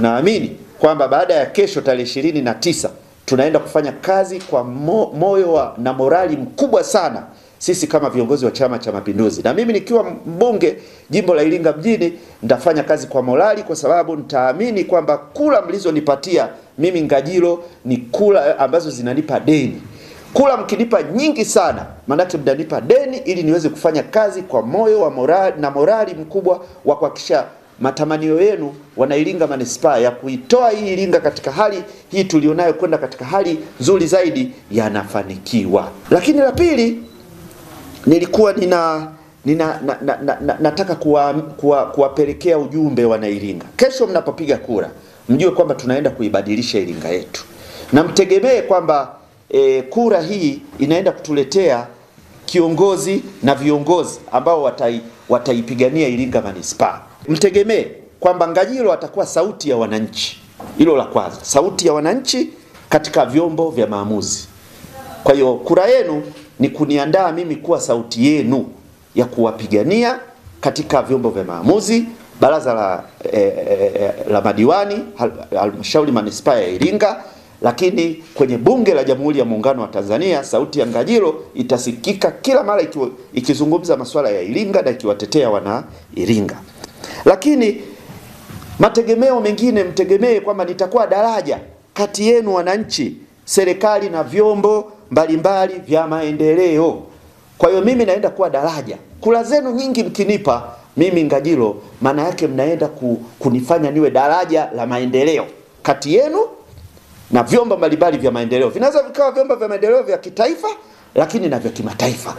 Tunaamini kwamba baada ya kesho tarehe ishirini na tisa tunaenda kufanya kazi kwa mo, moyo wa, na morali mkubwa sana sisi kama viongozi wa Chama cha Mapinduzi, na mimi nikiwa mbunge jimbo la Iringa mjini nitafanya kazi kwa morali, kwa sababu nitaamini kwamba kula mlizonipatia mimi Ngajilo ni kula eh, ambazo zinanipa deni. Kula mkinipa nyingi sana, maanake mtanipa deni ili niweze kufanya kazi kwa moyo wa morali, na morali mkubwa wa kuhakikisha matamanio yenu wanailinga manispaa ya kuitoa hii Iringa katika hali hii tulionayo kwenda katika hali nzuri zaidi yanafanikiwa. Lakini la pili nilikuwa nina, nina na, na, na, na, nataka kuwa, kuwa, kuwapelekea ujumbe wanairinga, kesho mnapopiga kura mjue kwamba tunaenda kuibadilisha Iringa yetu na mtegemee kwamba e, kura hii inaenda kutuletea kiongozi na viongozi ambao watai, wataipigania Iringa manispaa mtegemee kwamba Ngajilo atakuwa sauti ya wananchi. Hilo la kwanza, sauti ya wananchi katika vyombo vya maamuzi. Kwa hiyo kura yenu ni kuniandaa mimi kuwa sauti yenu ya kuwapigania katika vyombo vya maamuzi, baraza la, e, e, la madiwani, halmashauri manispaa ya Iringa, lakini kwenye bunge la Jamhuri ya Muungano wa Tanzania, sauti ya Ngajilo itasikika kila mara ikizungumza masuala ya Iringa na ikiwatetea wana Iringa. Lakini mategemeo mengine mtegemee kwamba nitakuwa daraja kati yenu wananchi, serikali na vyombo mbalimbali vya maendeleo. Kwa hiyo mimi naenda kuwa daraja. Kula zenu nyingi mkinipa mimi Ngajilo, maana yake mnaenda ku, kunifanya niwe daraja la maendeleo kati yenu na vyombo mbalimbali vya maendeleo. Vinaweza vikawa vyombo vya maendeleo vya kitaifa, lakini na vya kimataifa.